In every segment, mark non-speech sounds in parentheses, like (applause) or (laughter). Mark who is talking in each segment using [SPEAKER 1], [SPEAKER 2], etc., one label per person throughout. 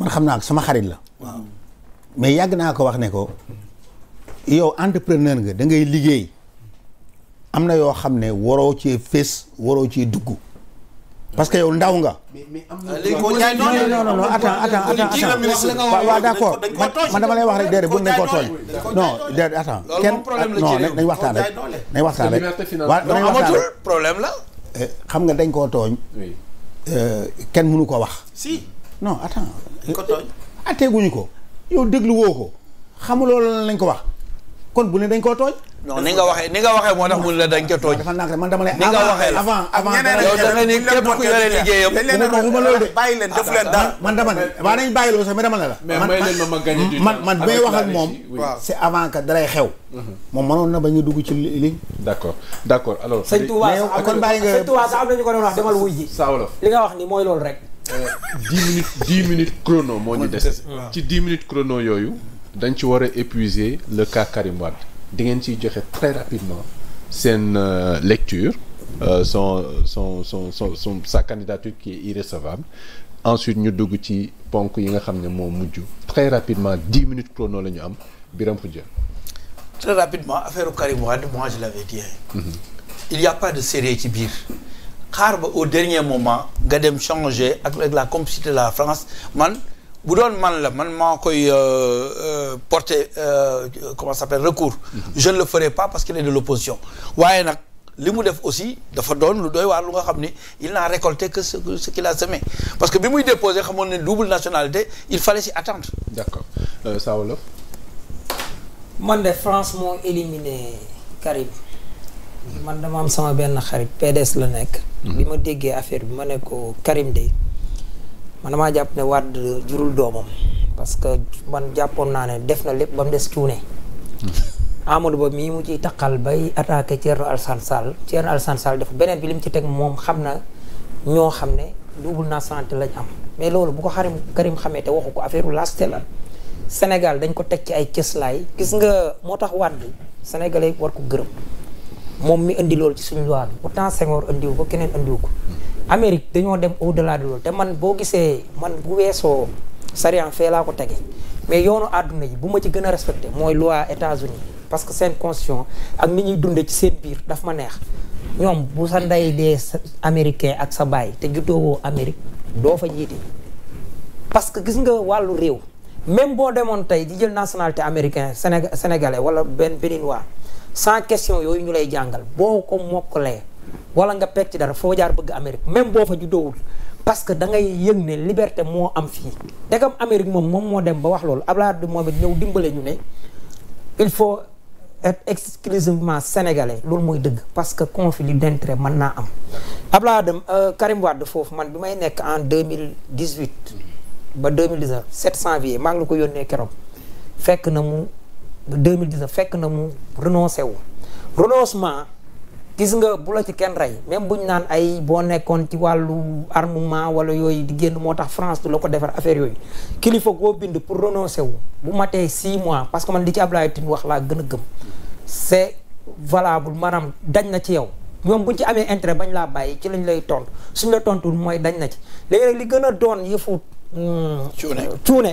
[SPEAKER 1] man xam naa ko sama xarit la. waaw mais yàgg naa ko wax ne ko yow entrepreneur nga dangay liggéey am na yoo xam ne waroo cee fés waroo cee dugg. parce que yow ndaw nga. mais am na ah, non non non attends attends attends man dama lay wax rek déedéet buñ ne koo tooñ. non déedéet attends kenn non nañ waxtaan rek nañ waxtaan rek. waaw nañ waxtaan rek problème la. Eh, xam nga dañ koo tooñ. Eh, kenn mënu ko wax. si. non attends. ko tooñ atteeguñu ko. yow déglu woo ko xamuloo lan lañ ko wax kon bu ne dañ ko tooñ. non ni nga waxee ni nga waxee moo tax mu ne la dañ ca tooñ. man dama ni nga dañ bàyyi leen def leen dara. man dama ne waa nañ bàyyi loolu sax mais dama ne la.
[SPEAKER 2] man man man bi moom. c'est
[SPEAKER 1] avant que dalay xew. Mhm.
[SPEAKER 2] moom mënoon na bañ a dugg ci li. d'accord d'accord alors. sëñ Touba
[SPEAKER 3] sax am na li nga wax ni mooy loolu rek Euh,
[SPEAKER 2] dix minutes dix minutes chrono moo ñu des ci dix minutes chrono yooyu dañ ci war a épuiser le cas Karim Wade di ngeen ciy joxe très rapidement seen euh, lecture euh, son son son son son sa candidature qui est irrécevable ensuite ñu dugg ci ponk yi nga xam ne moo mujj très rapidement dix minutes chrono la ñu am biram Khoudia
[SPEAKER 1] très rapidement affaire Karim Wade moi mm-hmm. il y pas de sérieux ci biir xaar ba au dernier moment nga dem changer ak la complicité la France man bu doon man la man maa koy euh, euh, porter euh, comment ça s'appelle recours mhm. je ne le ferai pas parce qu'il est de l'opposition waaye nag li mu def aussi dafa doon lu dooy waar lu nga xam ni il n'a récolté que ce, ce qu'il a semé parce que bi muy déposé xamoon
[SPEAKER 3] ne double nationalité il fallait s'y attendre d'accord euh, man de France moo éliminé Karim man dama am sama benn xarit PDS la nekk. Mhm. bi ma déggee affaire bi ma ne ko Karim de man damaa jàpp ne Wade jurul doomam parce que man jàppoon naa ne def na lépp ba mu des cuune. Mhm. Amadou Ba mii mu ciy taqal bay attaqué Thierno Alassane Sall Thierno Alassane Sall dafa beneen bi li mu ci teg moom xam na ñoo xam ne naa nationalité lañ am mais loolu bu ko xarim Karim xamee te waxu ko affaire laste la Sénégal dañ ko teg ci ay cëslaay gis nga moo tax Wade sénégalais war ko gërëm. moom mi indi loolu ci suñu loi bi pourtant Senghor indiwu ko keneen indiwu ko Amérique dañoo dem au delà de loolu te man boo gisee man bu weesoo sariyan fee laa ko tege mais yoonu àdduna yi bu ma ci gën a respecté mooy loi États-Unis parce que seen constitution ak ni ñuy dundee ci seen biir dafa ma neex ñoom bu sa ndey dee américain ak sa baay te juddoowoo Amérique doo fa jiite parce que gis nga wàllu réew même boo demoon tey di jël nationalité américain Sénégalais wala benn béninois sans question yooyu ñu lay jàngal boo ko mokk mokkalee wala nga pecc dara foo jaar bëgg Amérique même boo fa juddoowul parce que da ngay yëg ne liberté moo am fii degam Amérique moom moom moo dem ba wax loolu Abdoulaye moom it ñëw dimbale ñu ne il faut être exclusivement sénégalais loolu mooy dëgg parce que conflit d'intérêt mën naa am Abdoulaye Wade euh, Karim Wade foofu man bi may nekk en 2018 ba 2019 7 janvier maa ngi la ko yónnee keroog 2019 fekk na mu renoncé wu renoncement gis nga bu la ci kenn rey même buñ naan ay boo nekkoon ci wàllu armement wala yooyu di génn moo tax France du la ko defar affaire yooyu kilifa goo bind pour renoncer wu bu matee 6 mois parce que man li ci Abdoulaye Tine wax laa gën a gëm c'est valable maanaam dañ na ci yow ñoom buñ ci amee intérêt bañ laa bàyyi ci lañ lay tontu suñ la tontul mooy dañ na ci léegi nag li gën a doon yëfu hmm, cuune cuune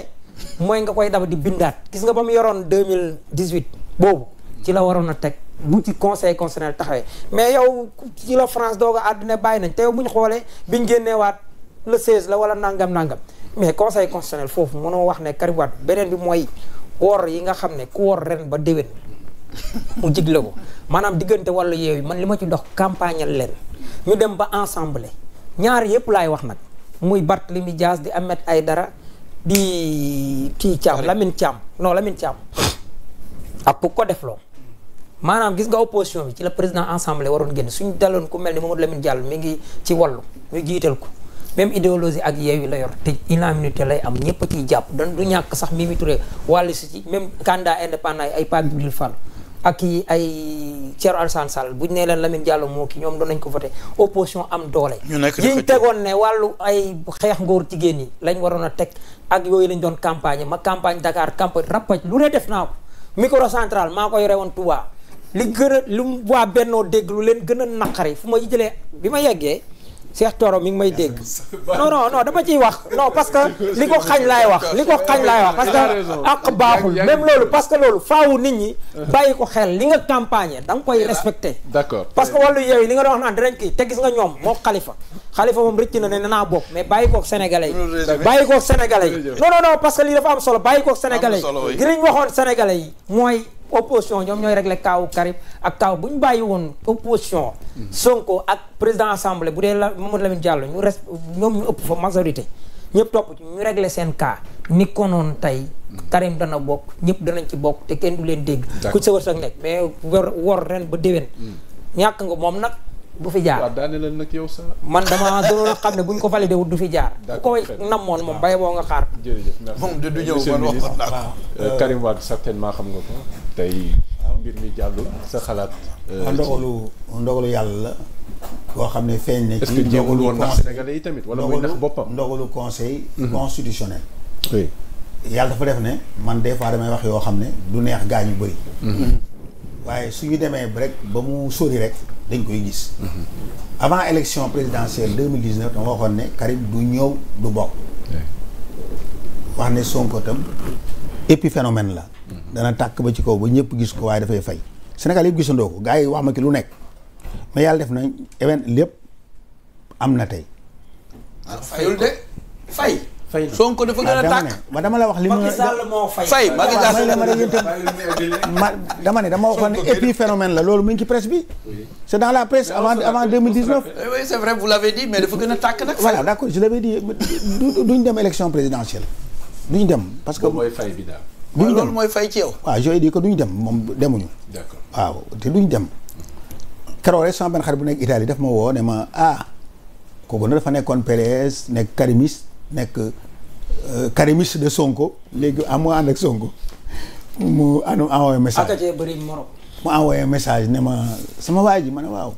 [SPEAKER 3] mooy nga koy dab di bindaat gis nga ba mu yoroon deux mille dix huit boobu ci la waroon a teg bu ci conseil constitutionnel taxawee mais yow ci la France doog a bàyyi nañ te yow bu ñu xoolee bi ñu génneewaat le seize la wala nangam nangam mais conseil constitutionnel foofu mënoo wax ne Karim beneen bi mooy woor yi nga xam ne ku woor ren ba déwén (laughs) mu jigle ko maanaam diggante wàllu yeew man li ma ci dox campagne leen ñu dem ba ensemble ñaar yëpp laay wax nag muy Barthélémy Dias di Ahmed Aïdara di kii Thiam Lamine Thiam non Lamine Thiam ak ah, ku ko defloo maanaam gis nga opposition bi ci la président assemblée waroon génn suñ daloon ku mel ni Mamadou Lamine Diallo mi ngi ci wàllu ñu jiital ko même idéologie ak yeewi la yor te unanimité lay am ñëpp a jàpp dan du ñàkk sax Mimi Touré wàllu si ci même candidat indépendant yi ay Pape Djibril Fall ak yi ay Thierno Alassane Sall buñ nee leen la Lamine Diallo moo ki ñoom doon nañ ko voté opposition am doole. ñu nekk yiñ tegoon ne wàllu ay xeex ngóor jigéen ñi lañ waroon a teg ak yooyu lañ doon campagne ma campagne Dakar campagne rappaj lu ne def naa ko micro central maa ko yore woon Touba li gën a lu waa bennoo dégg lu leen gën a naqari fu ma jëlee bi ma yeggee. Cheikh toro mi ngi may dégg non non dama ciy wax non parce que li ko xañ laay wax li ko xañ laay wax parce que ak baaxul même loolu parce loolu faawu nit ñi bàyyi ko xel li nga campagne da nga koy respecté
[SPEAKER 2] d'accord parce que wàllu
[SPEAKER 3] li nga doon wax naan dinañ kii te gis nga ñoom moo xalifa xalifa moom rëcc na ne naa bokk mais bàyyi koog sénégalais yi bàyyi koog sénégalais yi non non non parce que lii dafa am solo bàyyi koog sénégalais yi li waxoon sénégalais yi mooy opposition ñoom ñooy réglé kaawu Karim ak kaaw bu ñu bàyyi woon opposition. Sonko ak président assemblée bu dee la mu Mamadou Lamine Diallo ñu res ñoom ñu ëpp fa majorité ñëpp topp ci ñu réglé seen cas ni konoon tey. Karim dana bokk ñëpp danañ ci bokk te kenn du leen dégg. ku sa wërsëg nekk mais wor ren ba déwén. Hmm. ñàkk nga moom nag. bu fi jaar waaw daaneel nag yow sa man dama doon xam ne bu ñu ko validé wut du fi jaar. bu ko namoon moom bay boo nga xaar. jërëjëf merci du ñëw man wax euh, Karim Wade certainement xam nga ko.
[SPEAKER 2] tey mbir mi jàllul sa xalaat. Euh, ndogalu
[SPEAKER 1] ndogalu yàlla la. boo xam ne feeñ na. ci ndogalu woon ndax sénégalais yi tamit wala muy conseil. Mhm. yàlla dafa def ne man des fois damay wax yoo xam ne du neex gaa ñu bëri. Mhm. waaye su ñu demee rek ba mu sori rek dañ koy gis. Mhm. avant élection présidentielle deux mille dix neuf dama waxoon ne Karim du ñëw du bokk. wax ne Sonko tam épiphénomène la. dana tàkk ba ci kaw ba ñëpp gis ko waaye dafay fay Sénégal yëpp gisandoo ko gaa yi wax ma ki lu nekk mais yàlla def nañ event lépp am na tey.
[SPEAKER 2] Ah, fayul de fay. fay Sonko dafa gën a ah, tàkk
[SPEAKER 1] ma dama la wax li ma. Macky Sall moo fay fay Macky Sall ma dama ne dama waxoon ne épiphénomène la loolu mu ngi ci presse bi. c' la presse avant avant 2019. oui c' mais dafa gën a tàkk nag. voilà d' accord je l' avais dit duñ dem élection présidentielle duñ dem parce que.
[SPEAKER 2] mooy fay bi daal. duñu dem loolu mooy fay ci yow.
[SPEAKER 1] waaw je dis que duñu dem moom demuñu. d'accord waaw te duñu dem. keroog rek sama benn bu nekk Italie daf ma woo ne ma ah kooku na dafa nekkoon PDS nekk karimiste nekk euh, karimiste de Sonko léegi ah mu ànd ak Sonko mu envoyé message.
[SPEAKER 3] ak bëri Morok.
[SPEAKER 1] mu envoyé message ne ma sama waay ji ma ne waaw.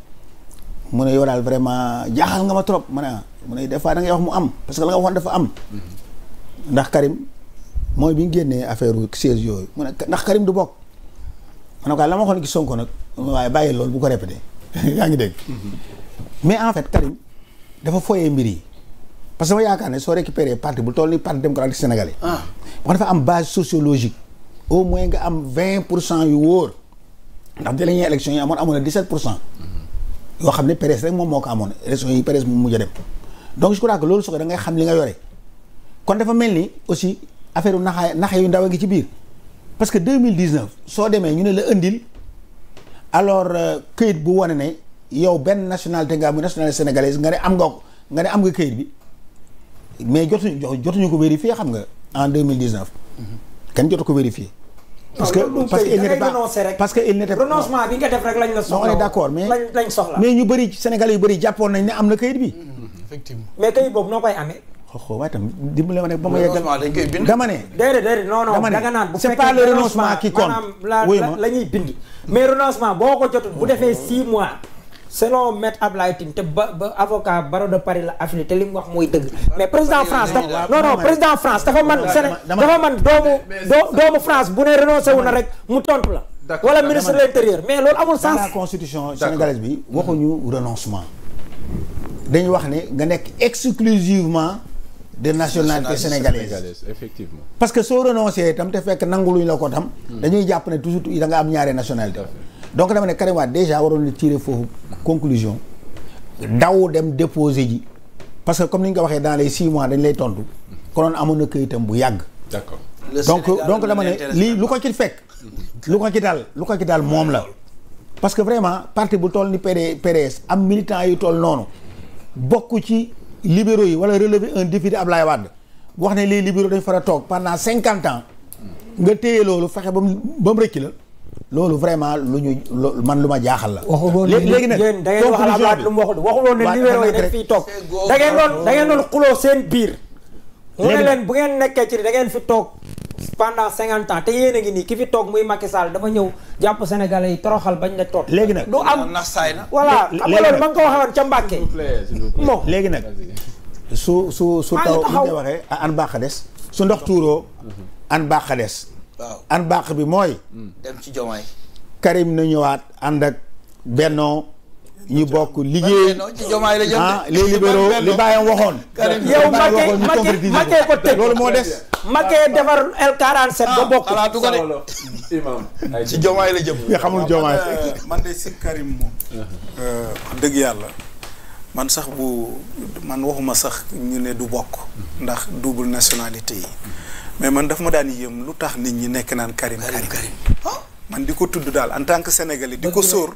[SPEAKER 1] mu ne yow daal vraiment jaaxal nga ma trop ma ne ah mu ne des fois da ngay wax mu am parce que la nga waxoon dafa am.
[SPEAKER 3] Mm-hmm.
[SPEAKER 1] ndax Karim. mooy bi ñu génnee affaire siège yooyu mu ne ndax Karim du bokk am la ma waxoon ci Sonko nag waaye bàyyi loolu bu ko répété (laughs) yaa ngi dégg.
[SPEAKER 2] Mm-hmm.
[SPEAKER 1] mais en fait Karim dafa foyee mbir yi parce que ma yaakaar ne soo récupéré parti bu toll ni parti démocratique sénégalais. ah dafa am base sociologique. au moins nga am vingt pour cent yu wóor ndax dernière élection yi amoon amoon na 17 pour cent. Mm-hmm. yoo xam ne Pérez rek moom moo ko amoon élection yi Pérez mu mujj a dem donc je crois loolu su ko ngay xam li nga yore kon dafa mel ni aussi affaire u naxa naxa yu ndaw ngi ci biir parce que 2019 soo demee ñu ne la indil alors euh, këyit bu wane ne yow benn nationalité nga am muy nationalité sénégalaise nga am nga nga ne am nga këyit bi mais jotuñu ko vérifier xam nga en 2019 mhm. kenn jotu ko vérifier parce que parce que il n'était pas parce
[SPEAKER 3] que il
[SPEAKER 1] ñu bëri sénégalais yu bëri jàppoon nañ ne am na këyit bi mhm,
[SPEAKER 3] mais këyit boobu noo koy amee
[SPEAKER 1] xooxoo waaye itam dimbale ma ne
[SPEAKER 3] ba ma yeggal dama ne. déedéet naan bu fekkee c'est pas le renoncement qui compte maanaam bind. mais renoncement boo ko jotul bu defee 6 mois. selon maître Ablaye Tine te ba ba avocat barreau de Paris la affilié te li wax mooy dëgg. mais président France dafa man doomu doomu France bu ne renoncé na rek mu tontu la. wala ministre de l'intérieur mais loolu amul sens.
[SPEAKER 1] constitution sénégalaise bi waxuñu renoncement. dañu wax ne nga nekk exclusivement de nationalité sénégalaise effectivement parce que soo renoncé itam te fekk nanguluñ la ko tam hmm. dañuy jàpp ne toujours da nga am ñaari nationalité donc dama ne Karim Wade déjà waroon na tirer foofu conclusion daw dem déposer ji parce que comme ni nga ko waxee dans les six mois dañ lay tontu konoon amoon na këyitam bu yàgg
[SPEAKER 2] d'accord donc donc dama ne lii lu
[SPEAKER 1] ko ci fekk lu ko ci dal lu ko ci dal moom la parce que vraiment parti bu toll ni PD PDS am militant yu toll noonu bokk ci libéraux yi wala relever un défi de Ablaye Wade wax ne les libéraux dañ far a toog pendant cinquante ans nga téye loolu fexe ba mu ba mu rëcc la loolu vraiment lu ñu man lu ma jaaxal la. léegi nag yéen da ngeen waxal Ablaye lu mu waxul waxuloon ne libéraux yi dañ fiy
[SPEAKER 3] toog doon da doon xuloo seen biir. mu ne leen bu ngeen nekkee ci da ngeen fi toog. pendant cinquante ans te yéen ngi nii ki fi toog muy Macky saal dafa ñëw jàpp senegal yi toroxal bañ la toog. léegi nag du am ndax
[SPEAKER 1] saay na. voilà xam nga loolu ma
[SPEAKER 3] nga ko waxee woon ca Mbàkke. bon léegi nag. su su su taw li nga waxee an baax
[SPEAKER 1] a des. su ndox tuuroo. Mhm. an baax des. an baax bi mooy.
[SPEAKER 3] ci
[SPEAKER 2] jomaay.
[SPEAKER 1] Karim na ñëwaat ànd ak Benno. ñi bokk liggéey
[SPEAKER 3] ah les libéraux li bàyyam
[SPEAKER 1] waxoon. yow Macky Macky ko tëj
[SPEAKER 3] loolu moo des. Macky defar L47 ba ah, bokk. xalaatu ko de
[SPEAKER 2] imam ci jomaay la jëm. (laughs) xamul ah, jomaay. Euh, man de si Karim mu uh-huh. euh, dëgg yàlla man sax bu man waxuma sax ñu ne du bokk. Uh-huh. ndax double nationalité yi. Uh-huh. mais man daf ma daan yéem lu tax nit ñi nekk naan Karim Karim. Ah, man di ko tudd daal en tant que sénégalais di ko sóor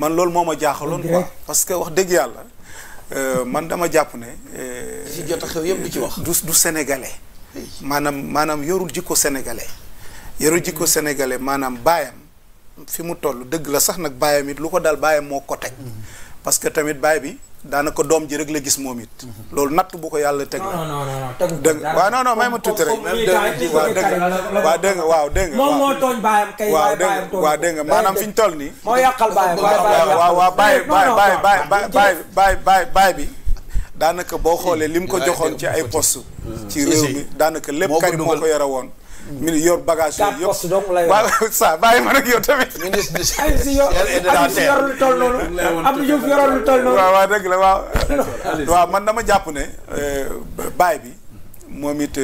[SPEAKER 2] man loolu moo ma jaaxaloon quoi parce que wax dëgg yàlla euh, man dama jàpp ne ci euh, jot yëpp du ci wax du sénégalais maanaam maanaam yorul jikko sénégalais yorul jikko mm-hmm. sénégalais maanaam baayam fi mu toll dëgg la sax nag baayam it lu ko daal baayam moo ko teg mm-hmm. parce que tamit baay bi daanaka doom ji rek la gis moom it. loolu natt bu ko yàlla teg la. non non may ma tuuti rek. waaw dégg nga waaw dégg nga waaw dégg nga. moom moo tooñ baayam kay waaw dégg nga waaw dégg maanaam fi ñu toll nii. baay baay baay baay baay baay bi. daanaka boo xoolee lim ko joxoon ci ay post ci réew mi daanaka lépp Karim moo ko yore woon mi yor bagage yooyu yëpp waaw saa bàyyi ma nag yow tamit. ministre du yor am am na yëf yoroon lu toll noonu. waaw waaw dëgg waaw. (laughs) waaw man dama jàpp ne euh, baay bi moom it.